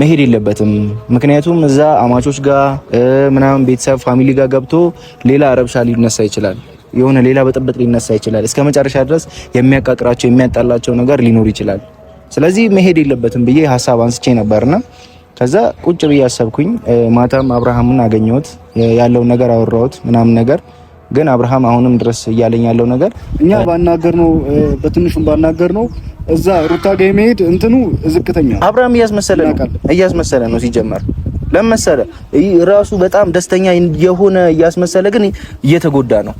መሄድ የለበትም። ምክንያቱም እዛ አማቾች ጋር ምናምን ቤተሰብ ፋሚሊ ጋር ገብቶ ሌላ ረብሻ ሊነሳ ይችላል። የሆነ ሌላ በጥበጥ ሊነሳ ይችላል። እስከ መጨረሻ ድረስ የሚያቃቅራቸው የሚያጣላቸው ነገር ሊኖር ይችላል። ስለዚህ መሄድ የለበትም ብዬ ሀሳብ አንስቼ ነበርና ከዛ ቁጭ ብዬ አሰብኩኝ። ማታም አብርሃምን አገኘሁት፣ ያለውን ነገር አወራሁት ምናምን ነገር ግን አብርሃም አሁንም ድረስ እያለኝ ያለው ነገር እኛ ባናገር ነው በትንሹም ባናገር ነው እዛ ሩታ ጋ የመሄድ እንትኑ ዝቅተኛ አብርሃም እያስመሰለ ነው እያስመሰለ ነው ሲጀመር ለመሰለ ራሱ በጣም ደስተኛ የሆነ እያስመሰለ ግን እየተጎዳ ነው።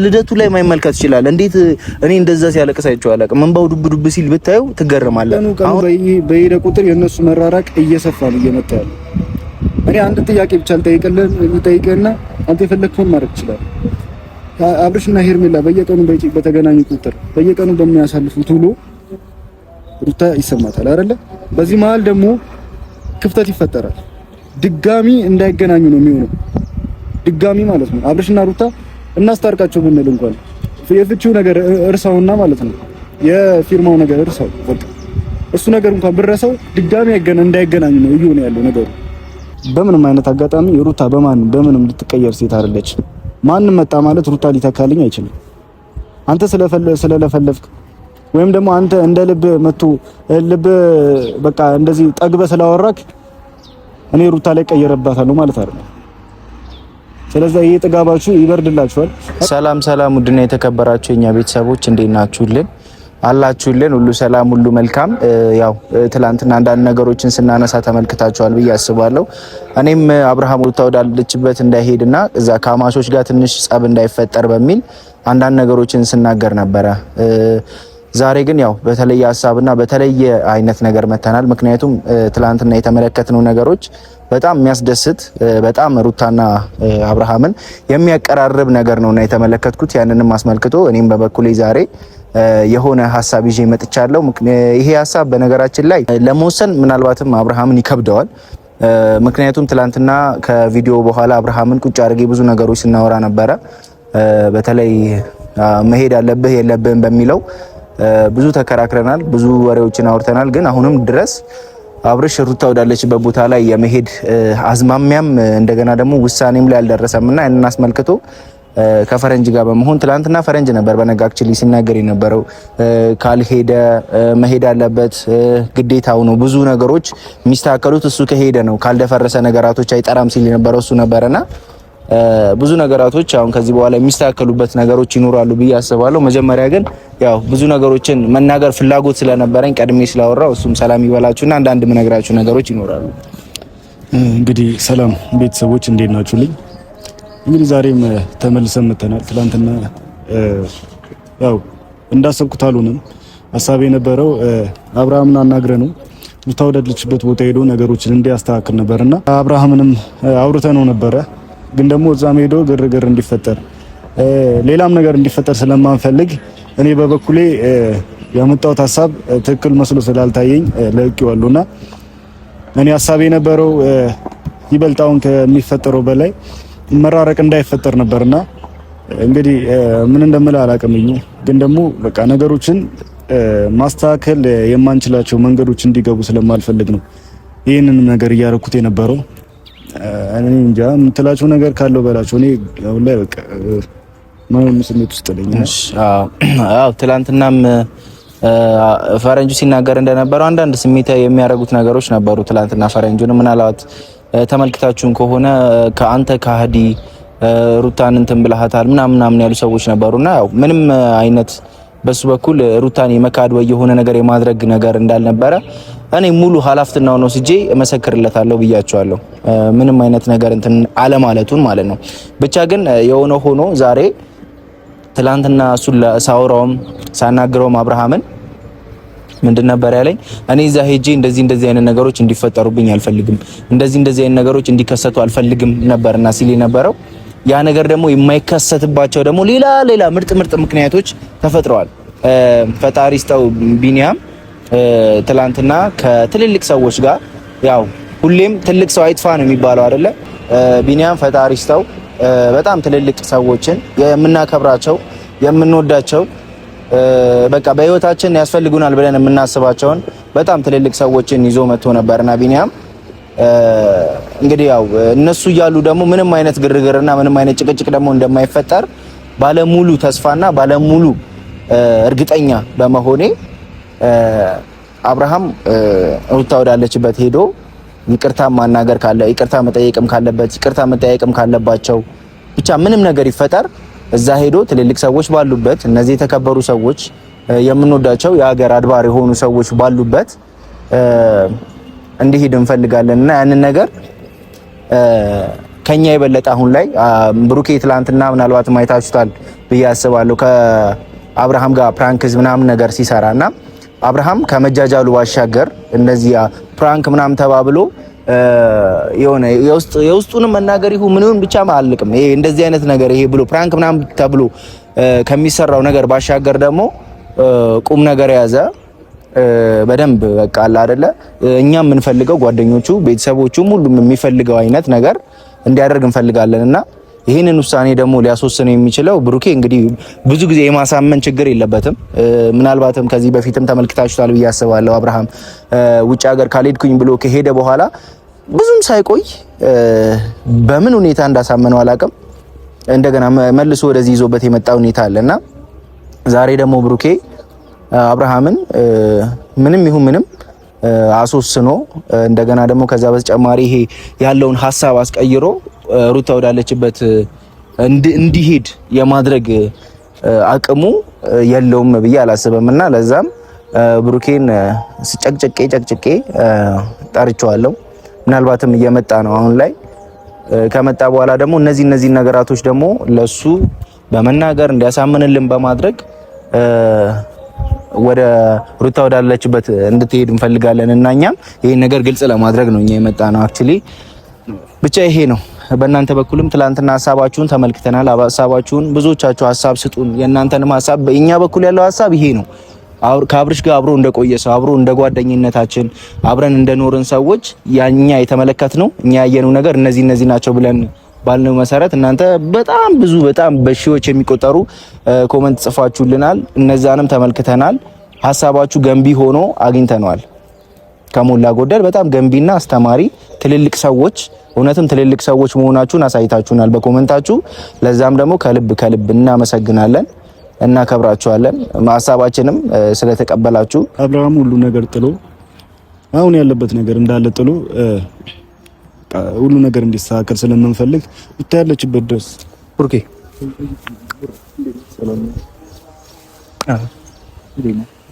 ልደቱ ላይ ማይመልከት ይችላል። እንዴት እኔ እንደዛ ሲያለቅስ አይቼው አላውቅም። እንባው ዱብ ዱብ ሲል ብታየው ትገርማለህ። አሁን በሄደ ቁጥር የእነሱ መራራቅ እየሰፋ ነው እየመጣ ያለው። እኔ አንድ ጥያቄ ብቻ ልጠይቅልን ልጠይቅህና አንተ የፈለግከውን ማድረግ ይችላል። አብርሽና ሄርሜላ በየቀኑ በተገናኙ ቁጥር በየቀኑ በሚያሳልፉት ውሎ ሩታ ይሰማታል አይደለ? በዚህ መሀል ደግሞ ክፍተት ይፈጠራል። ድጋሚ እንዳይገናኙ ነው የሚሆነው። ድጋሚ ማለት ነው አብርሽና ሩታ እናስታርቃቸው ብንል እንኳን የፍቺው ነገር እርሳውና ማለት ነው የፊርማው ነገር እርሳው በቃ እሱ ነገር እንኳን ብረሰው ድጋሚ እንዳይገናኙ ነው እየሆነ ያለው ነገሩ። በምንም አይነት አጋጣሚ ሩታ በማንም በምንም ልትቀየር ሴት አይደለች። ማንም መጣ ማለት ሩታ ሊተካልኝ አይችልም። አንተ ስለለፈለፍክ ወይም ደግሞ አንተ እንደ ልብ መቶ ልብ በቃ እንደዚህ ጠግበ ስላወራክ እኔ ሩታ ላይ ቀየረባታለሁ ማለት አይደለም። ስለዚህ ይህ ጥጋባችሁ ይበርድላችኋል። ሰላም ሰላም፣ ውድና የተከበራችሁ የኛ ቤተሰቦች እንዴት ናችሁልን? አላችሁልን ሁሉ ሰላም ሁሉ መልካም። ያው ትላንትና አንዳንድ ነገሮችን ስናነሳ ተመልክታችኋል ብዬ አስባለሁ። እኔም አብርሃም ሩታ ወዳለችበት እንዳይሄድና እዛ ከአማሾች ጋር ትንሽ ጸብ እንዳይፈጠር በሚል አንዳንድ ነገሮችን ስናገር ነበረ። ዛሬ ግን ያው በተለየ ሀሳብና በተለየ አይነት ነገር መተናል። ምክንያቱም ትላንትና የተመለከትነው ነገሮች በጣም የሚያስደስት በጣም ሩታና አብርሃምን የሚያቀራርብ ነገር ነውና የተመለከትኩት ያንንም አስመልክቶ እኔም በበኩሌ ዛሬ የሆነ ሀሳብ ይዤ መጥቻለሁ። ይሄ ሀሳብ በነገራችን ላይ ለመወሰን ምናልባትም አብርሃምን ይከብደዋል። ምክንያቱም ትላንትና ከቪዲዮ በኋላ አብርሃምን ቁጭ አድርጌ ብዙ ነገሮች ስናወራ ነበረ። በተለይ መሄድ አለብህ የለብህም በሚለው ብዙ ተከራክረናል፣ ብዙ ወሬዎችን አውርተናል። ግን አሁንም ድረስ አብርሽ ሩታ ወዳለችበት ቦታ ላይ የመሄድ አዝማሚያም እንደገና ደግሞ ውሳኔም ላይ አልደረሰም እና ያንን አስመልክቶ ከፈረንጅ ጋር በመሆን ትላንትና ፈረንጅ ነበር በነጋ ላይ ሲናገር የነበረው ካልሄደ መሄድ አለበት ግዴታው ነው። ብዙ ነገሮች የሚስተካከሉት እሱ ከሄደ ነው፣ ካልደፈረሰ ነገራቶች አይጠራም ሲል የነበረው እሱ ነበረና ብዙ ነገራቶች አሁን ከዚህ በኋላ የሚስተካከሉበት ነገሮች ይኖራሉ ብዬ አስባለሁ። መጀመሪያ ግን ያው ብዙ ነገሮችን መናገር ፍላጎት ስለነበረኝ ቀድሜ ስላወራው እሱም ሰላም ይበላችሁና አንዳንድ ምነግራችሁ ነገሮች ይኖራሉ። እንግዲህ ሰላም ቤተሰቦች እንዴት ናችሁልኝ? እንግዲህ ዛሬም ተመልሰን መተናል። ትላንትና ያው እንዳሰብኩት አልሆነም። ሀሳቤ የነበረው አብርሃምን አናግረ ነው ልታወዳለችበት ቦታ ሄዶ ነገሮችን እንዲያስተካክል ነበርና አብርሃምንም አውርተ ነው ነበረ። ግን ደግሞ እዛም ሄዶ ግርግር እንዲፈጠር ሌላም ነገር እንዲፈጠር ስለማንፈልግ እኔ በበኩሌ ያመጣሁት ሀሳብ ትክክል መስሎ ስላልታየኝ ለቅቄዋለሁና እኔ ሀሳቤ የነበረው ይበልጣውን ከሚፈጠረው በላይ መራረቅ እንዳይፈጠር ነበርና እንግዲህ ምን እንደምል አላቀምኝ፣ ግን ደግሞ በቃ ነገሮችን ማስተካከል የማንችላቸው መንገዶች እንዲገቡ ስለማልፈልግ ነው ይህንን ነገር እያረኩት የነበረው። እኔ እንጃ የምትላቸው ነገር ካለው በላቸው። እኔ አሁን ላይ በቃ ምንም ስሜት ውስጥ ነኝ። አዎ ትላንትናም ፈረንጁ ሲናገር እንደነበረው አንዳንድ ስሜት የሚያደርጉት ነገሮች ነበሩ። ትላንትና ፈረንጁን ምናልባት ተመልክታችሁን ከሆነ ከአንተ ካህዲ ሩታን እንትን ብለሃታል ምናምን ምናምን ያሉ ሰዎች ነበሩና ያው ምንም አይነት በሱ በኩል ሩታን የመካድ ወይ የሆነ ነገር የማድረግ ነገር እንዳልነበረ እኔ ሙሉ ኃላፊነቱን ነው ስጄ እመሰክርለታለሁ ብያቸዋለሁ። ምንም አይነት ነገር እንትን አለማለቱን ማለት ነው። ብቻ ግን የሆነ ሆኖ ዛሬ ትላንትና እሱን ሳውራውም ሳናግረውም አብርሃምን ምንድን ነበር ያለኝ? እኔ እዛ ሄጄ እንደዚህ እንደዚህ አይነት ነገሮች እንዲፈጠሩብኝ አልፈልግም፣ እንደዚህ እንደዚህ አይነት ነገሮች እንዲከሰቱ አልፈልግም ነበርና ሲል የነበረው ያ ነገር ደግሞ የማይከሰትባቸው ደግሞ ሌላ ሌላ ምርጥ ምርጥ ምክንያቶች ተፈጥረዋል። ፈጣሪ ስጠው ቢኒያም ትላንትና ከትልልቅ ሰዎች ጋር ያው ሁሌም ትልቅ ሰው አይጥፋ ነው የሚባለው አይደለ? ቢኒያም ፈጣሪ ስጠው በጣም ትልልቅ ሰዎችን የምናከብራቸው የምንወዳቸው በቃ በህይወታችን ያስፈልጉናል ብለን የምናስባቸውን በጣም ትልልቅ ሰዎችን ይዞ መጥቶ ነበርና ቢኒያም እንግዲህ ያው እነሱ እያሉ ደግሞ ምንም አይነት ግርግርና ምንም አይነት ጭቅጭቅ ደግሞ እንደማይፈጠር ባለሙሉ ተስፋና ባለሙሉ እርግጠኛ በመሆኔ አብርሃም ሩታ ወዳለችበት ሄዶ ይቅርታ ማናገር ካለ ይቅርታ መጠየቅም ካለበት ይቅርታ መጠየቅም ካለባቸው ብቻ ምንም ነገር ይፈጠር እዛ ሄዶ ትልልቅ ሰዎች ባሉበት እነዚህ የተከበሩ ሰዎች የምንወዳቸው የሀገር አድባር የሆኑ ሰዎች ባሉበት እንዲሄድ እንፈልጋለን እና ያንን ነገር ከኛ የበለጠ አሁን ላይ ብሩኬ ትላንትና ምናልባት ማይታችሁታል ብዬ አስባለሁ። ከአብርሃም ጋር ፕራንክዝ ምናምን ነገር ሲሰራ እና አብርሃም ከመጃጃሉ ባሻገር እነዚህ ፕራንክ ምናምን ተባብሎ የሆነ የውስጡን መናገር ይሁን ምንም ብቻ አልልቅም። ይሄ እንደዚህ አይነት ነገር ይሄ ብሎ ፕራንክ ምናምን ተብሎ ከሚሰራው ነገር ባሻገር ደግሞ ቁም ነገር የያዘ በደንብ በቃ አለ አይደለ፣ እኛም የምንፈልገው ጓደኞቹ፣ ቤተሰቦቹም ሁሉም የሚፈልገው አይነት ነገር እንዲያደርግ እንፈልጋለንና ይህንን ውሳኔ ደግሞ ሊያስወስን የሚችለው ብሩኬ እንግዲህ ብዙ ጊዜ የማሳመን ችግር የለበትም። ምናልባትም ከዚህ በፊትም ተመልክታችኋል ብዬ አስባለሁ። አብርሃም ውጭ ሀገር ካልሄድኩኝ ብሎ ከሄደ በኋላ ብዙም ሳይቆይ በምን ሁኔታ እንዳሳመነው አላውቅም፣ እንደገና መልሶ ወደዚህ ይዞበት የመጣ ሁኔታ እና ዛሬ ደግሞ ብሩኬ አብርሃምን ምንም ይሁን ምንም አስወስኖ እንደገና ደግሞ ከዛ በተጨማሪ ይሄ ያለውን ሀሳብ አስቀይሮ ሩታ ወዳለችበት እንዲሄድ የማድረግ አቅሙ የለውም ብዬ አላስብም እና ለዛም ብሩኬን ጨቅጭቄ ጨቅጨቄ ጠርቸዋለሁ ምናልባትም እየመጣ ነው አሁን ላይ ከመጣ በኋላ ደግሞ እነዚህ እነዚህ ነገራቶች ደግሞ ለሱ በመናገር እንዲያሳምንልን በማድረግ ወደ ሩታ ወዳለችበት እንድትሄድ እንፈልጋለን እና እኛም ይህን ነገር ግልጽ ለማድረግ ነው እኛ የመጣ ነው። አክቹሊ ብቻ ይሄ ነው። በእናንተ በኩልም ትላንትና ሀሳባችሁን ተመልክተናል። ሀሳባችሁን ብዙዎቻችሁ ሀሳብ ስጡን፣ የእናንተንም ሀሳብ በእኛ በኩል ያለው ሀሳብ ይሄ ነው። ከአብርሽ ጋር አብሮ እንደቆየ ሰው አብሮ እንደ ጓደኝነታችን አብረን እንደኖርን ሰዎች ያኛ የተመለከት ነው እኛ ያየነው ነገር እነዚህ እነዚህ ናቸው ብለን ባልነው መሰረት እናንተ በጣም ብዙ በጣም በሺዎች የሚቆጠሩ ኮመንት ጽፋችሁልናል። እነዛንም ተመልክተናል። ሀሳባችሁ ገንቢ ሆኖ አግኝተነዋል። ከሞላ ጎደል በጣም ገንቢና አስተማሪ ትልልቅ ሰዎች እውነትም ትልልቅ ሰዎች መሆናችሁን አሳይታችሁናል በኮመንታችሁ። ለዛም ደግሞ ከልብ ከልብ እናመሰግናለን፣ እናከብራችኋለን። ሀሳባችንም ስለተቀበላችሁ አብርሃም ሁሉ ነገር ጥሎ አሁን ያለበት ነገር እንዳለ ጥሎ ሁሉ ነገር እንዲስተካከል ስለምንፈልግ ብታያለችበት ድረስ ኦኬ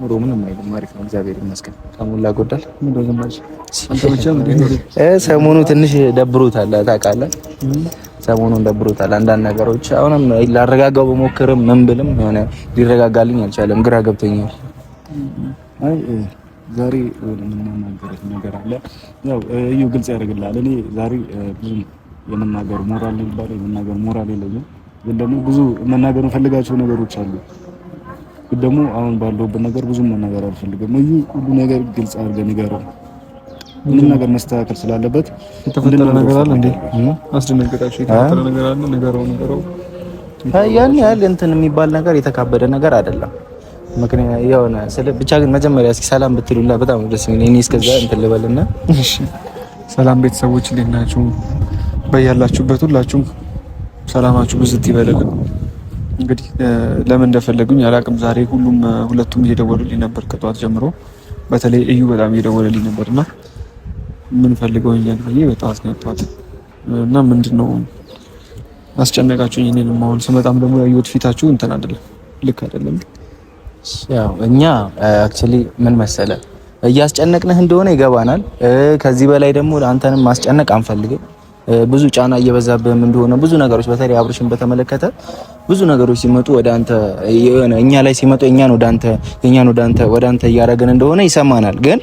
ኑሮ ምንም አይልም፣ አሪፍ ነው፣ እግዚአብሔር ይመስገን። ከሞላ ጎዳል ሰሞኑ ትንሽ ደብሮታል፣ ታውቃለህ፣ ሰሞኑን ደብሮታል። አንዳንድ ነገሮች አሁንም ላረጋጋው በሞክርም ምን ብልም የሆነ ሊረጋጋልኝ አልቻለም፣ ግራ ገብቶኛል። አይ ዛሬ የምናገርበት ነገር አለ፣ ያው እዩ ግልጽ ያደርግልሃል። እኔ ዛሬ ብዙም የመናገር ሞራል ይባላል የመናገር ሞራል የለኝም፣ ግን ደግሞ ብዙ መናገር ፈልጋቸው ነገሮች አሉ ግን ደግሞ አሁን ባለሁበት ነገር ብዙ መናገር አልፈልግም። እዩ ሁሉ ነገር ግልጽ አድርገ ንገረው። ምንም ነገር መስተካከል ስላለበት የተፈጠረ ነገር አለ እንዴ? አስደነገጣችሁ? የተፈጠረ ነገር አለ ንገረው፣ ንገረው። ያን ያህል እንትን የሚባል ነገር የተካበደ ነገር አይደለም። ምክንያት የሆነ ስለ ብቻ ግን መጀመሪያ እስኪ ሰላም ብትሉና በጣም ደስ ይለኛል። እኔ እስከዛ እንትን ልበልና፣ እሺ። ሰላም ቤተሰቦች፣ እንዴት ናችሁ? በያላችሁበት ሁላችሁም ሰላማችሁ ብዙ ይበልልን። እንግዲህ ለምን እንደፈለጉኝ አላቅም። ዛሬ ሁሉም ሁለቱም እየደወሉልኝ ነበር ከጠዋት ጀምሮ፣ በተለይ እዩ በጣም እየደወለልኝ ነበር እና ምን ፈልገውኝ እኛን ብዬ በጠዋት ነው የጠዋት እና ምንድን ነው አስጨነቃችሁኝ። እኔንም አሁን ስመጣም ደግሞ ያየሁት ፊታችሁ እንትን አይደለም፣ ልክ አይደለም። ያው እኛ አክቹሊ ምን መሰለ እያስጨነቅንህ እንደሆነ ይገባናል። ከዚህ በላይ ደግሞ አንተንም ማስጨነቅ አንፈልግም። ብዙ ጫና እየበዛብህም እንደሆነ ብዙ ነገሮች በተለይ አብርሽን በተመለከተ ብዙ ነገሮች ሲመጡ ወደ አንተ የሆነ እኛ ላይ ሲመጡ እኛን ወደ አንተ እኛን ወደ አንተ ወደ አንተ እያደረግን እንደሆነ ይሰማናል። ግን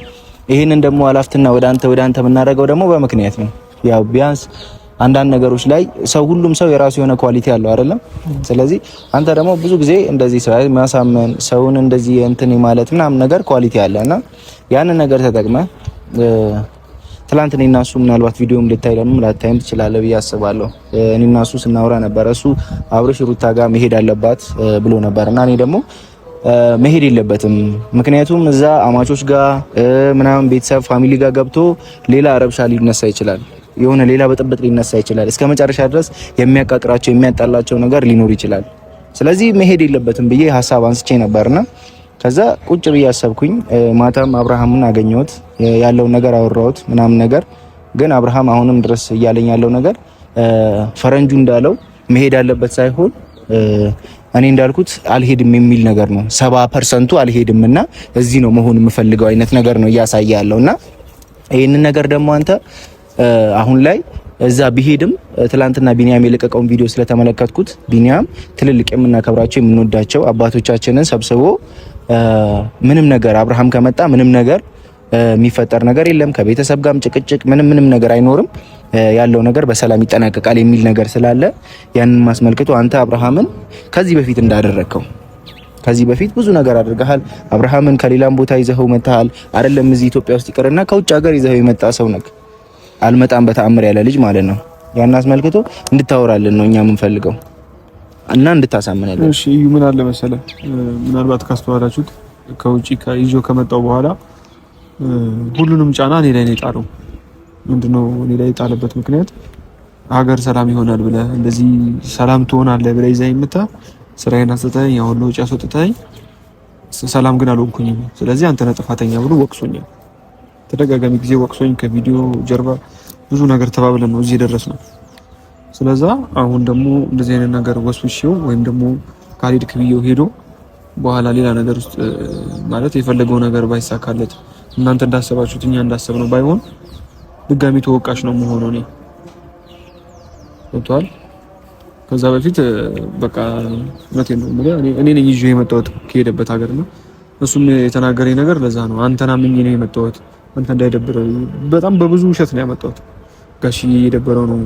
ይህንን ደግሞ አላፍትና ወደ አንተ ወደ አንተ የምናደርገው ደግሞ በምክንያት ነው። ያው ቢያንስ አንዳንድ ነገሮች ላይ ሰው ሁሉም ሰው የራሱ የሆነ ኳሊቲ አለው አይደለም። ስለዚህ አንተ ደግሞ ብዙ ጊዜ እንደዚህ ሰው ማሳመን ሰውን እንደዚህ እንትን ማለት ምናምን ነገር ኳሊቲ አለ እና ያንን ነገር ተጠቅመ ትላንት እኔ እና እሱ ምናልባት ቪዲዮም ደግሞ ላታይም ትችላለህ ብዬ አስባለሁ። እኔ እና እሱ ስናወራ ነበረ። እሱ አብርሽ ሩታ ጋር መሄድ አለባት ብሎ ነበር እና እኔ ደግሞ መሄድ የለበትም ምክንያቱም እዛ አማቾች ጋር ምናምን ቤተሰብ ፋሚሊ ጋር ገብቶ ሌላ ረብሻ ሊነሳ ይችላል፣ የሆነ ሌላ በጥብጥ ሊነሳ ይችላል። እስከ መጨረሻ ድረስ የሚያቃቅራቸው የሚያጣላቸው ነገር ሊኖር ይችላል። ስለዚህ መሄድ የለበትም ብዬ ሀሳብ አንስቼ ነበርና ከዛ ቁጭ ብዬ አሰብኩኝ። ማታም አብርሃምን አገኘሁት፣ ያለውን ነገር አወራሁት ምናምን ነገር ግን አብርሃም አሁንም ድረስ እያለኝ ያለው ነገር ፈረንጁ እንዳለው መሄድ አለበት ሳይሆን እኔ እንዳልኩት አልሄድም የሚል ነገር ነው። ሰባ ፐርሰንቱ አልሄድም እና እዚህ ነው መሆን የምፈልገው አይነት ነገር ነው እያሳየ ያለው እና ይህንን ነገር ደግሞ አንተ አሁን ላይ እዛ ቢሄድም ትላንትና ቢኒያም የለቀቀውን ቪዲዮ ስለተመለከትኩት ቢኒያም ትልልቅ የምናከብራቸው የምንወዳቸው አባቶቻችንን ሰብስቦ ምንም ነገር አብርሃም ከመጣ ምንም ነገር የሚፈጠር ነገር የለም። ከቤተሰብ ጋርም ጭቅጭቅ ምንም ምንም ነገር አይኖርም። ያለው ነገር በሰላም ይጠናቀቃል የሚል ነገር ስላለ ያንን ማስመልክቶ አንተ አብርሃምን ከዚህ በፊት እንዳደረግከው ከዚህ በፊት ብዙ ነገር አድርገሃል። አብርሃምን ከሌላም ቦታ ይዘኸው መጥተሃል። አይደለም እዚህ ኢትዮጵያ ውስጥ ይቅርና ከውጭ ሀገር ይዘኸው የመጣ ሰው ነክ አልመጣም በተአምር ያለ ልጅ ማለት ነው። ያን አስመልክቶ እንድታወራልን ነው እኛ የምንፈልገው። እና እንድታሳምን ያለው። እሺ እዩ ምን አለ መሰለ፣ ምናልባት ካስተዋላችሁት ከውጪ ከይዞ ከመጣው በኋላ ሁሉንም ጫና እኔ ላይ ነው የጣለው። ምንድነው እኔ ላይ የጣለበት ምክንያት ሀገር ሰላም ይሆናል ብለ እንደዚህ ሰላም ትሆናለህ ብለ ይዛ የምታ ስራዬን አስጥተኸኝ ያሁን ለውጭ አስወጥተኸኝ ሰላም ግን አልሆንኩኝም። ስለዚህ አንተ ነህ ጥፋተኛ ብሎ ወቅሶኛል። ተደጋጋሚ ጊዜ ወቅሶኝ ከቪዲዮ ጀርባ ብዙ ነገር ተባብለን ነው እዚህ የደረስነው። ስለዛ አሁን ደግሞ እንደዚህ አይነት ነገር ወስውሼው ወይም ደግሞ ካልሄድክ ብዬው ሄዶ በኋላ ሌላ ነገር ውስጥ ማለት የፈለገው ነገር ባይሳካለት እናንተ እንዳሰባችሁት እኛ እንዳሰብ ነው ባይሆን ድጋሚ ተወቃሽ ነው መሆኑ እኔ ወጥቷል። ከዛ በፊት በቃ እውነቴን ነው የምልህ እኔ ነኝ ይዤ የመጣሁት ከሄደበት ሀገር ነው። እሱም የተናገረኝ ነገር ለዛ ነው አንተና ምኝ ነው የመጣሁት አንተ እንዳይደብረው በጣም በብዙ ውሸት ነው ያመጣሁት ጋሽ እየደበረው ነው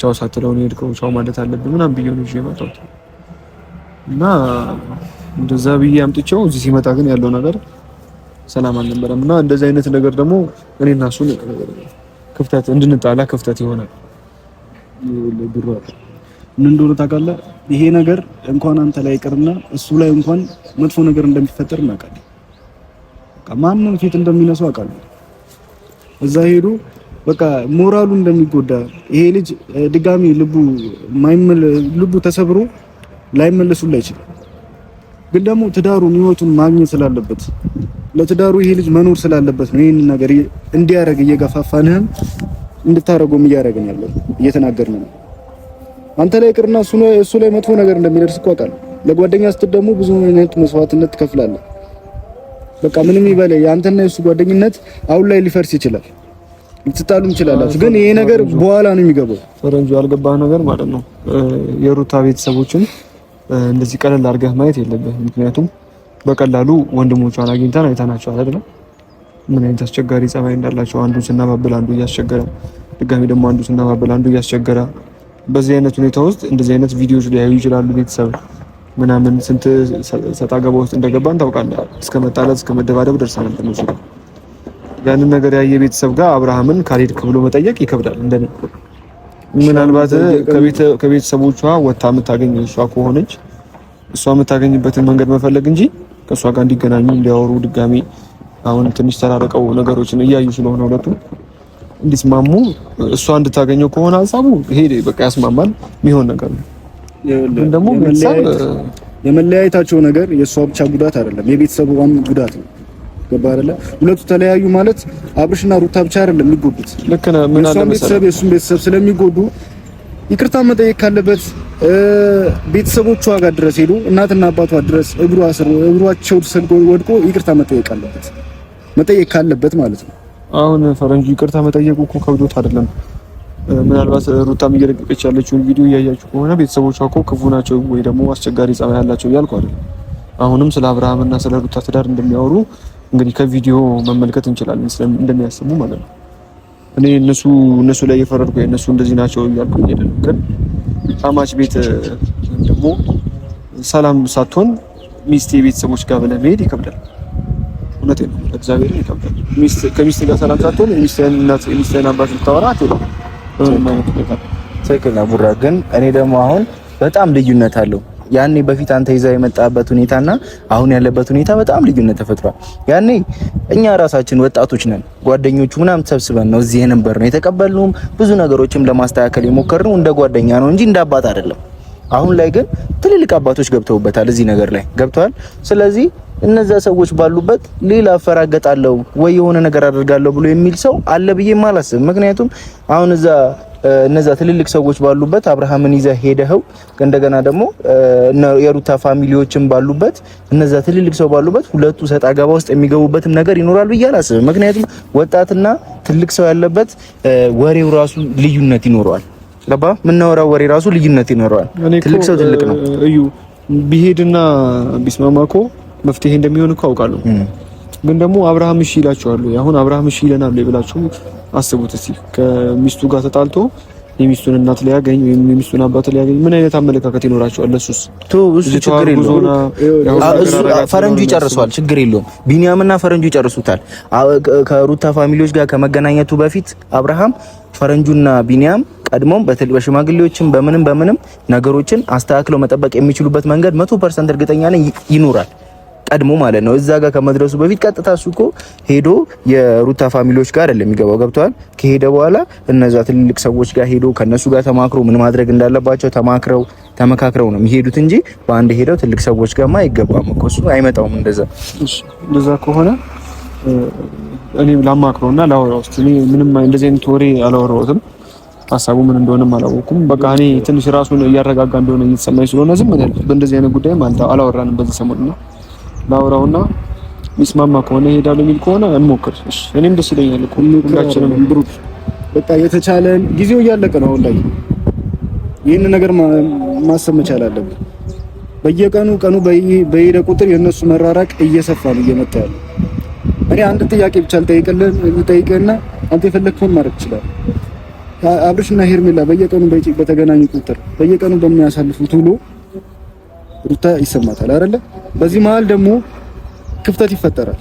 ቻው ሳትለውን ሄድከው ቻው ማለት አለብን ምናምን ብዬ ነው ይዤ የመጣሁት እና እንደዛ ብዬ አምጥቼው እዚህ ሲመጣ ግን ያለው ነገር ሰላም አልነበረም። እና እንደዚህ አይነት ነገር ደግሞ እኔ እና እሱን ክፍተት እንድንጣላ ክፍተት ይሆናል። ምን እንደሆነ ታውቃለህ? ይሄ ነገር እንኳን አንተ ላይ ይቅርና እሱ ላይ እንኳን መጥፎ ነገር እንደሚፈጠር እናውቃለን። ማንም ፊት እንደሚነሱ አውቃለሁ። እዛ ሄዱ በቃ ሞራሉ እንደሚጎዳ ይሄ ልጅ ድጋሚ ልቡ ልቡ ተሰብሮ ላይመለሱላ ይችላል። ግን ደግሞ ትዳሩን ህይወቱን ማግኘት ስላለበት ለትዳሩ ይሄ ልጅ መኖር ስላለበት ነው ይህንን ነገር እንዲያደርግ እየገፋፋንህም እንድታደርገውም እያደረግን ያለ እየተናገርን ነው። አንተ ላይ ቅርና እሱ ላይ መጥፎ ነገር እንደሚደርስ እኮ አውቃለሁ። ለጓደኛ ስትል ደግሞ ብዙ አይነት መስዋዕትነት ትከፍላለህ። በቃ ምንም ይበለ የአንተና የእሱ ጓደኝነት አሁን ላይ ሊፈርስ ይችላል። ልትጣሉ እንችላላችሁ፣ ግን ይሄ ነገር በኋላ ነው የሚገባው። ፈረንጁ ያልገባህ ነገር ማለት ነው የሩታ ቤተሰቦችን እንደዚህ ቀለል አድርገህ ማየት የለብህ። ምክንያቱም በቀላሉ ወንድሞቿን አግኝተን አይተናቸዋል አይደለ? ምን አይነት አስቸጋሪ ጸባይ እንዳላቸው አንዱ ስናባብል አንዱ እያስቸገረ፣ ድጋሚ ደግሞ አንዱ ስናባብል አንዱ እያስቸገረ፣ በዚህ አይነት ሁኔታ ውስጥ እንደዚህ አይነት ቪዲዮዎች ሊያዩ ይችላሉ። ቤተሰብ ምናምን ስንት ሰጣ ገባ ውስጥ እንደገባን ታውቃለህ። እስከ መጣላት እስከ መደባደብ ደርሰናል። ያንን ነገር ያየ ቤተሰብ ጋር አብርሃምን ካልሄድክ ብሎ መጠየቅ ይከብዳል። እንደኔ ምናልባት ከቤተሰቦቿ ወታ የምታገኝ እሷ ከሆነች እሷ የምታገኝበትን መንገድ መፈለግ እንጂ ከእሷ ጋር እንዲገናኙ እንዲያወሩ ድጋሚ አሁን ትንሽ ተራርቀው ነገሮችን እያዩ ስለሆነ ሁለቱ እንዲስማሙ እሷ እንድታገኘው ከሆነ ሀሳቡ ይሄ በቃ ያስማማል የሚሆን ነገር ነው። ግን ደግሞ የመለያየታቸው ነገር የእሷ ብቻ ጉዳት አይደለም፣ የቤተሰቡም ጉዳት ነው። ገባ አይደለ? ሁለቱ ተለያዩ ማለት አብርሽና ሩታ ብቻ አይደለም የሚጎዱት። ልክ ነህ። ምን አለ መሰለህ የእሱም ቤተሰብ ስለሚጎዱ ይቅርታ መጠየቅ ካለበት ቤተሰቦቿ ጋር ድረስ ሄዱ፣ እናትና አባቷ ድረስ እግሩ ስር እግሯቸው ስር ወድቆ ይቅርታ መጠየቅ አለበት መጠየቅ ካለበት ማለት ነው። አሁን ፈረንጁ ይቅርታ መጠየቁ እኮ ከብዶት አይደለም። ምናልባት ሩታም እየለቀቀች ያለችውን ቪዲዮ እያያችሁ ከሆነ ቤተሰቦቿ እኮ ክፉ ናቸው ወይ ደግሞ አስቸጋሪ ጸባይ ያላቸው እያልኩ አይደለም። አሁንም ስለ አብርሃምና ስለ ሩታ ትዳር እንደሚያወሩ እንግዲህ ከቪዲዮ መመልከት እንችላለን እንደሚያስቡ ማለት ነው። እኔ እነሱ እነሱ ላይ የፈረድኩ እነሱ እንደዚህ ናቸው እያልኩ አይደለም። ግን አማች ቤት ደግሞ ሰላም ሳትሆን ሚስት የቤተሰቦች ጋር ብለህ መሄድ ይከብዳል። እውነቴን ነው፣ እግዚአብሔር ይከብዳል። ሚስት ከሚስት ጋር ሰላም ሳትሆን የሚስትህን እናት የሚስትህን አባት ልታወራ አትሄድም። ትክክል ነው ቡራ። ግን እኔ ደግሞ አሁን በጣም ልዩነት አለው ያኔ በፊት አንተ ይዛ የመጣበት ሁኔታና አሁን ያለበት ሁኔታ በጣም ልዩነት ተፈጥሯል። ያኔ እኛ ራሳችን ወጣቶች ነን፣ ጓደኞቹ ምናምን ተሰብስበን ነው እዚህ የነበር ነው የተቀበልነውም ብዙ ነገሮችም ለማስተካከል የሞከርነው እንደ ጓደኛ ነው እንጂ እንደ አባት አይደለም። አሁን ላይ ግን ትልልቅ አባቶች ገብተውበታል፣ እዚህ ነገር ላይ ገብተዋል። ስለዚህ እነዛ ሰዎች ባሉበት ሌላ አፈራገጣለሁ ወይ የሆነ ነገር አደርጋለሁ ብሎ የሚል ሰው አለ ብዬ ማላስብ። ምክንያቱም አሁን እዛ እነዛ ትልልቅ ሰዎች ባሉበት አብርሃምን ይዘህ ሄደኸው እንደገና ደግሞ የሩታ ፋሚሊዎችን ባሉበት እነዛ ትልልቅ ሰው ባሉበት ሁለቱ ሰጥ አገባ ውስጥ የሚገቡበትም ነገር ይኖራል ብዬ አላስብም። ምክንያቱም ወጣትና ትልቅ ሰው ያለበት ወሬው ራሱ ልዩነት ይኖረዋል። ገባ? የምናወራው ወሬ ራሱ ልዩነት ይኖረዋል። ትልቅ ሰው ትልቅ ነው እዩ ቢሄድና ቢስማማ እኮ መፍትሄ እንደሚሆን እኮ አውቃለሁ። ግን ደግሞ አብርሃም እሺ ይላችኋል። አሁን አብርሃም እሺ ይለናል ብላችሁ አስቡት እስቲ ከሚስቱ ጋር ተጣልቶ የሚስቱን እናት ሊያገኝ ወይም የሚስቱን አባት ሊያገኝ ምን አይነት አመለካከት ይኖራቸዋል? ለሱስ ችግር የለውም። ፈረንጁ ይጨርሷል፣ ችግር የለውም። ቢኒያምና ፈረንጁ ይጨርሱታል። ከሩታ ፋሚሊዎች ጋር ከመገናኘቱ በፊት አብርሃም፣ ፈረንጁና ቢኒያም ቀድሞም በሽማግሌዎችም በምንም በምንም ነገሮችን አስተካክለው መጠበቅ የሚችሉበት መንገድ መቶ ፐርሰንት እርግጠኛ ነኝ ይኖራል። ቀድሞ ማለት ነው እዛ ጋር ከመድረሱ በፊት ቀጥታ እሱ እኮ ሄዶ የሩታ ፋሚሊዎች ጋር አይደለም የሚገባው፣ ገብቷል። ከሄደ በኋላ እነዛ ትልልቅ ሰዎች ጋር ሄዶ ከነሱ ጋር ተማክሮ ምን ማድረግ እንዳለባቸው ተማክረው ተመካክረው ነው የሚሄዱት እንጂ በአንድ ሄደው ትልቅ ሰዎች ጋርማ አይገባም እኮ እሱ አይመጣውም። እንደዛ እንደዛ ከሆነ እኔ ላማክረውና ላወራው እስኪ። እኔ ምንም እንደዚህ አይነት ወሬ አላወራሁትም። ሀሳቡ ምን እንደሆነም አላወኩም። በቃ እኔ ትንሽ ራሱን እያረጋጋ እንደሆነ እየተሰማኝ ስለሆነ ዝም ብለን በእንደዚህ አይነት ጉዳይም አላወራንም በዚህ ሰሞን ነው ላውራውና ሚስማማ ከሆነ ይሄዳሉ የሚል ከሆነ እንሞክር። እሺ እኔም ደስ ይለኛል እኮ ሁላችንም ብሩክ፣ በቃ የተቻለን ጊዜው እያለቀ ነው። አሁን ላይ ይህን ነገር ማሰብ መቻል አለብን። በየቀኑ ቀኑ በሄደ ቁጥር የእነሱ መራራቅ እየሰፋ ነው እየመጣ ያለው። እኔ አንድ ጥያቄ ብቻ ልጠይቅልን ልጠይቅህና አንተ የፈለግከውን ማድረግ ይችላል። አብርሽና ሄርሜላ በየቀኑ በተገናኙ ቁጥር በየቀኑ በሚያሳልፉት ውሎ ሩታ ይሰማታል አይደለ? በዚህ መሀል ደግሞ ክፍተት ይፈጠራል።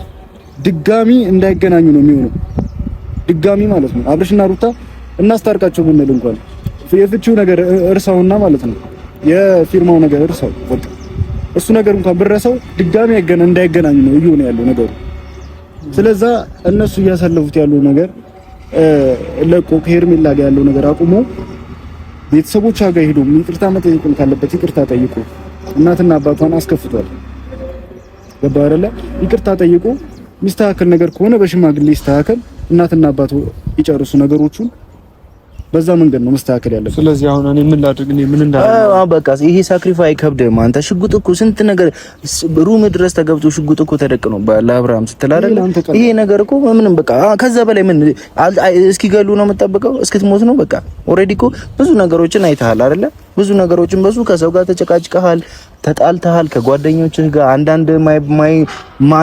ድጋሚ እንዳይገናኙ ነው የሚሆነው። ድጋሚ ማለት ነው አብርሽና ሩታ እናስታርቃቸው ብንል እንኳን የፍቺው ነገር እርሳውና ማለት ነው የፊርማው ነገር እርሳው በቃ እሱ ነገር እንኳን ብረሰው ድጋሚ ያገና እንዳይገናኙ ነው እየሆነ ያለው ነገሩ። ስለዛ እነሱ እያሳለፉት ያለው ነገር ለቆ ከሄርሜላ ጋር ያለው ነገር አቁሞ ቤተሰቦቿ ጋር ሄዶ ይቅርታ መጠየቅ ካለበት ይቅርታ ጠይቁ። እናትና አባቷን አስከፍቷል። ገባ አይደለ? ይቅርታ ጠይቁ። ሚስተካከል ነገር ከሆነ በሽማግሌ ይስተካከል። እናትና አባቱ ይጨርሱ ነገሮቹን። በዛ መንገድ ነው መስተካከል ያለበት። ስለዚህ አሁን እኔ ምን ላድርግ? እኔ ምን እንዳደርግ? አዎ በቃ ይሄ ሳክሪፋይ ከብደ አንተ ሽጉጥ እኮ ስንት ነገር ሩም ድረስ ተገብቶ ሽጉጥ እኮ ተደቅኖ ለአብርሃም ስትል አይደል? ይሄ ነገር እኮ ምንም በቃ ከዛ በላይ ምን እስኪገሉ ነው የምጠብቀው? እስክትሞት ነው በቃ ኦልሬዲ እኮ ብዙ ነገሮችን አይተሃል አይደለ? ብዙ ነገሮችን በሱ ከሰው ጋር ተጨቃጭቀሃል፣ ተጣልተሃል ከጓደኞችህ ጋር አንዳንድ ማይ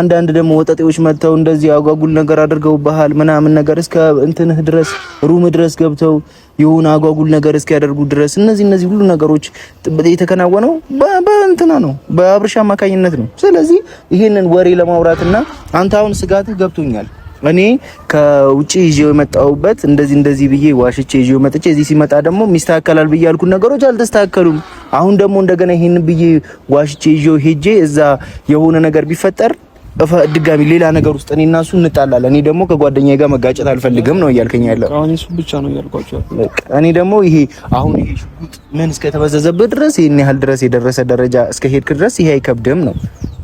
አንዳንድ ደግሞ ወጠጤዎች መጥተው እንደዚህ አጓጉል ነገር አድርገውብሃል ምናምን ነገር እስከ እንትንህ ድረስ ሩም ድረስ ገብተው የሆነ አጓጉል ነገር እስኪያደርጉ ድረስ እነዚህ እነዚህ ሁሉ ነገሮች የተከናወነው በእንትና ነው፣ በአብርሻ አማካኝነት ነው። ስለዚህ ይህንን ወሬ ለማውራትና አንተ አሁን ስጋትህ ገብቶኛል እኔ ከውጭ ይዤው የመጣሁበት እንደዚህ እንደዚህ ብዬ ዋሽቼ ይዤው መጥቼ እዚህ ሲመጣ ደግሞ የሚስተካከላል ብዬ ያልኩት ነገሮች አልተስተካከሉም። አሁን ደግሞ እንደገና ይሄን ብዬ ዋሽቼ ይዤው ሄጄ እዛ የሆነ ነገር ቢፈጠር ድጋሚ ሌላ ነገር ውስጥ እኔ እና እሱ እንጣላለን። እኔ ደግሞ ከጓደኛዬ ጋር መጋጨት አልፈልግም ነው እያልከኝ ያለው። ብቻ ነው እያልኳቸው። እኔ ደግሞ ይሄ አሁን ይሄ ሽጉጥ ምን እስከተበዘዘበት ድረስ ይህን ያህል ድረስ የደረሰ ደረጃ እስከሄድክ ድረስ ይሄ አይከብድም ነው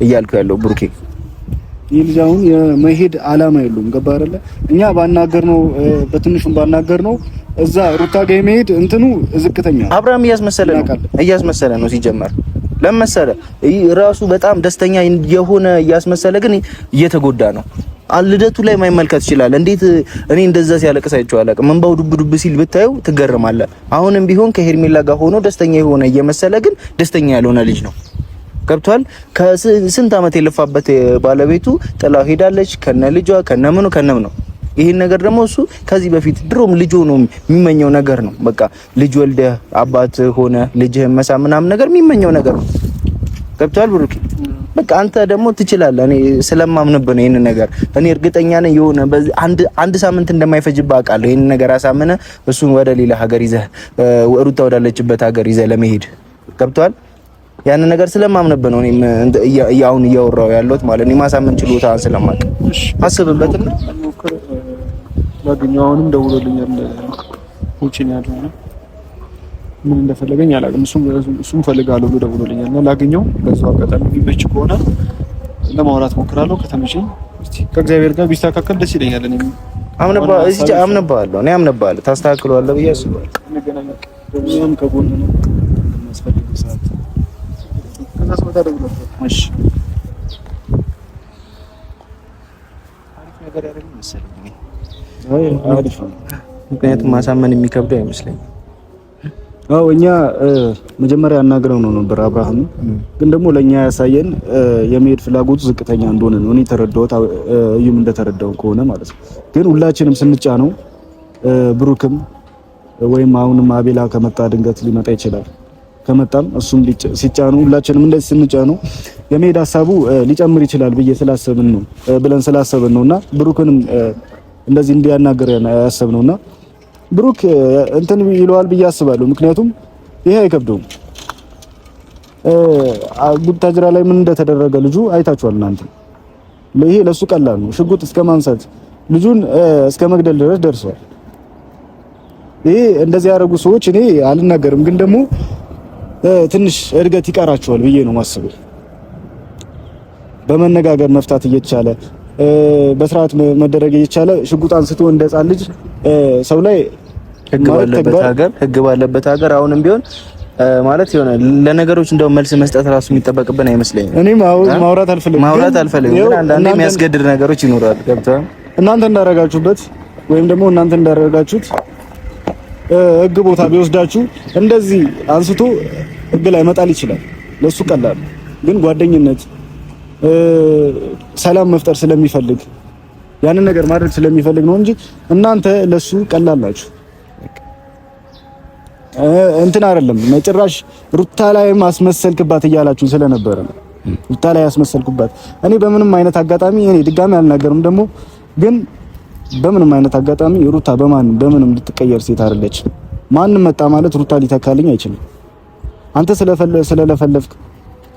እያልኩ ያለው ብሩኬ ይህ ልጅ አሁን የመሄድ አላማ የለውም። ገባ አይደለ? እኛ ባናገር ነው በትንሹም ባናገር ነው እዛ ሩታ ጋ የመሄድ እንትኑ ዝቅተኛ። አብርሃም እያስመሰለ ነው እያስመሰለ ነው ሲጀመር ለመሰለ ራሱ በጣም ደስተኛ የሆነ እያስመሰለ ግን እየተጎዳ ነው። ልደቱ ላይ ማይመልከት ይችላል። እንዴት እኔ እንደዛ ሲያለቅስ አይቼው አላውቅም። እንባው ዱብ ዱብ ሲል ብታየው ትገርማለህ። አሁንም ቢሆን ከሄርሜላ ጋር ሆኖ ደስተኛ የሆነ እየመሰለ ግን ደስተኛ ያልሆነ ልጅ ነው። ገብቷል። ከስንት ዓመት የለፋበት ባለቤቱ ጥላው ሄዳለች፣ ከነ ልጇ ከነ ምኑ ከነ ምኑ። ይህን ነገር ደግሞ እሱ ከዚህ በፊት ድሮም ልጁ ነው የሚመኘው ነገር ነው። በቃ ልጅ ወልደ አባት ሆነ ልጅህን መሳ ምናምን ነገር የሚመኘው ነገር ነው። ገብቷል ብሩኬ። በቃ አንተ ደግሞ ትችላለህ። እኔ ስለማምንብህ ነው ይህን ነገር እኔ እርግጠኛ ነኝ። የሆነ አንድ ሳምንት እንደማይፈጅብህ አውቃለሁ። ይህን ነገር አሳምነህ እሱን ወደ ሌላ ሀገር ይዘህ ሩታ ወዳለችበት ሀገር ይዘህ ለመሄድ ገብቷል። ያንን ነገር ስለማምንበት ነው እኔም አሁን እያወራሁ ያለሁት ማለት ነው። የማሳመን ችሎታን ስለማውቅ አስብበት። ጓደኛው አሁንም ደውሎልኛል። ኮችን ያለው ምን እንደፈለገኝ አላውቅም። እሱም እሱም ፈልጋለሁ ብሎ ደውሎልኛል እና ላገኘው በዛው አጋጣሚ ቢመች ከሆነ ለማውራት ሞክራለሁ። ከተመቸኝ ከእግዚአብሔር ጋር ቢስተካከል ደስ ይለኛል። እኔ አምነባ እዚህ አምነባለሁ እኔ አምነባለሁ። ታስተካክለዋለህ ብዬ አስባለሁ። ከጎን ነው የሚያስፈልግ ሰዓት ምክንያቱም ማሳመን የሚከብደው አይመስለኝም። አዎ እኛ መጀመሪያ ያናግረው ነው ነበር አብርሃም፣ ግን ደግሞ ለእኛ ያሳየን የመሄድ ፍላጎቱ ዝቅተኛ እንደሆነ ነው እኔ ተረዳሁት፣ እዩም እንደተረዳው ከሆነ ማለት ነው። ግን ሁላችንም ስንጫ ነው ብሩክም ወይም አሁንም አቤላ ከመጣ ድንገት ሊመጣ ይችላል ከመጣም እሱም ሲጫኑ ሁላችንም እንደዚህ ስንጫኑ የመሄድ ሀሳቡ ሊጨምር ይችላል ብዬ ስላሰብን ነው ብለን ስላሰብን ነውና ብሩክንም እንደዚህ እንዲያናገር ያሰብ እና ብሩክ እንትን ይለዋል ብዬ አስባለሁ። ምክንያቱም ይሄ አይከብደውም። ቡታጅራ ላይ ምን እንደተደረገ ልጁ አይታችኋል እናንተ። ይሄ ለሱ ቀላል ነው። ሽጉጥ እስከ ማንሳት ልጁን እስከ መግደል ድረስ ደርሷል። ይሄ እንደዚህ ያደረጉ ሰዎች እኔ አልናገርም፣ ግን ደግሞ ትንሽ እድገት ይቀራቸዋል ብዬ ነው ማስበው። በመነጋገር መፍታት እየተቻለ በስርዓት መደረግ እየቻለ ሽጉጥ አንስቶ እንደ ህፃን ልጅ ሰው ላይ ህግ ባለበት ሀገር ህግ ባለበት ሀገር አሁንም ቢሆን ማለት የሆነ ለነገሮች እንደው መልስ መስጠት ራሱ የሚጠበቅብን አይመስለኝም። እኔም አሁን ማውራት አልፈልግም ማውራት አልፈልግም፣ ግን አንዳንዴ የሚያስገድድ ነገሮች ይኖራል። ገብተህ እናንተ እንዳረጋችሁበት ወይም ደግሞ እናንተ እንዳረጋችሁት ህግ ቦታ ቢወስዳችሁ እንደዚህ አንስቶ ህግ ላይ መጣል ይችላል። ለሱ ቀላል ግን ጓደኝነት ሰላም መፍጠር ስለሚፈልግ ያንን ነገር ማድረግ ስለሚፈልግ ነው እንጂ እናንተ ለሱ ቀላል ናችሁ። እንትን አይደለም መጭራሽ ሩታ ላይም አስመሰልክባት እያላችሁ ስለነበረ ሩታ ላይ ያስመሰልኩባት እኔ በምንም አይነት አጋጣሚ እኔ ድጋሚ አልናገርም ደግሞ ግን በምንም አይነት አጋጣሚ ሩታ በማን በምንም ልትቀየር ሴት አይደለች። ማንም መጣ ማለት ሩታ ሊተካልኝ አይችልም። አንተ ስለለፈለፍክ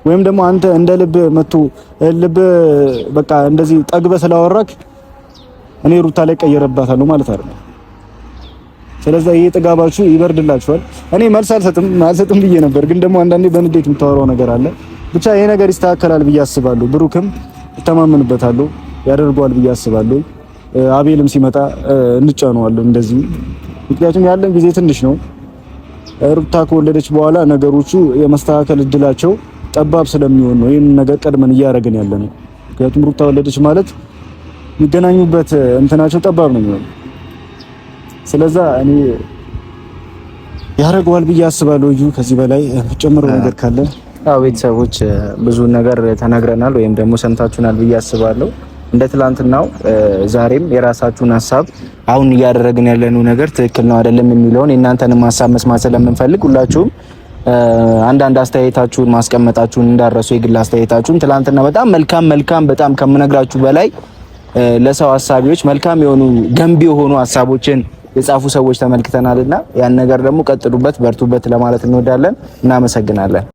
ወይም ደግሞ አንተ እንደ ልብ መቶ ልብ በቃ እንደዚህ ጠግበ ስላወራክ እኔ ሩታ ላይ ቀየረባታለሁ ማለት አይደለም። ስለዚህ ይሄ ጥጋባችሁ ይበርድላችኋል። እኔ መልስ አልሰጥም አልሰጥም ብዬ ነበር፣ ግን ደግሞ አንዳንዴ በንዴት የምታወራው ነገር አለ። ብቻ ይሄ ነገር ይስተካከላል ብዬ አስባለሁ። ብሩክም ይተማመንበታሉ፣ ያደርገዋል ብዬ አስባለሁ። አቤልም ሲመጣ እንጫነዋለን እንደዚህ። ምክንያቱም ያለን ጊዜ ትንሽ ነው። ሩታ ከወለደች በኋላ ነገሮቹ የመስተካከል እድላቸው ጠባብ ስለሚሆን ነው ይህን ነገር ቀድመን እያደረግን ያለ ነው። ምክንያቱም ሩታ ወለደች ማለት የሚገናኙበት እንትናቸው ጠባብ ነው የሚሆነው። ስለዛ እኔ ያደርገዋል ብዬ አስባለሁ። እዩ ከዚህ በላይ ጨምሮ ነገር ካለ ቤተሰቦች ብዙ ነገር ተነግረናል ወይም ደግሞ ሰምታችሁናል ብዬ አስባለሁ። እንደ ትላንትናው ዛሬም የራሳችሁን ሀሳብ አሁን እያደረግን ያለነው ነገር ትክክል ነው አይደለም የሚለውን የእናንተንም ሀሳብ መስማት ስለምንፈልግ ሁላችሁም አንዳንድ አስተያየታችሁን ማስቀመጣችሁን እንዳረሱ የግል አስተያየታችሁን ትላንትና በጣም መልካም መልካም በጣም ከምነግራችሁ በላይ ለሰው ሀሳቢዎች መልካም የሆኑ ገንቢ የሆኑ ሀሳቦችን የጻፉ ሰዎች ተመልክተናልና ያን ነገር ደግሞ ቀጥሉበት፣ በርቱበት ለማለት እንወዳለን። እናመሰግናለን።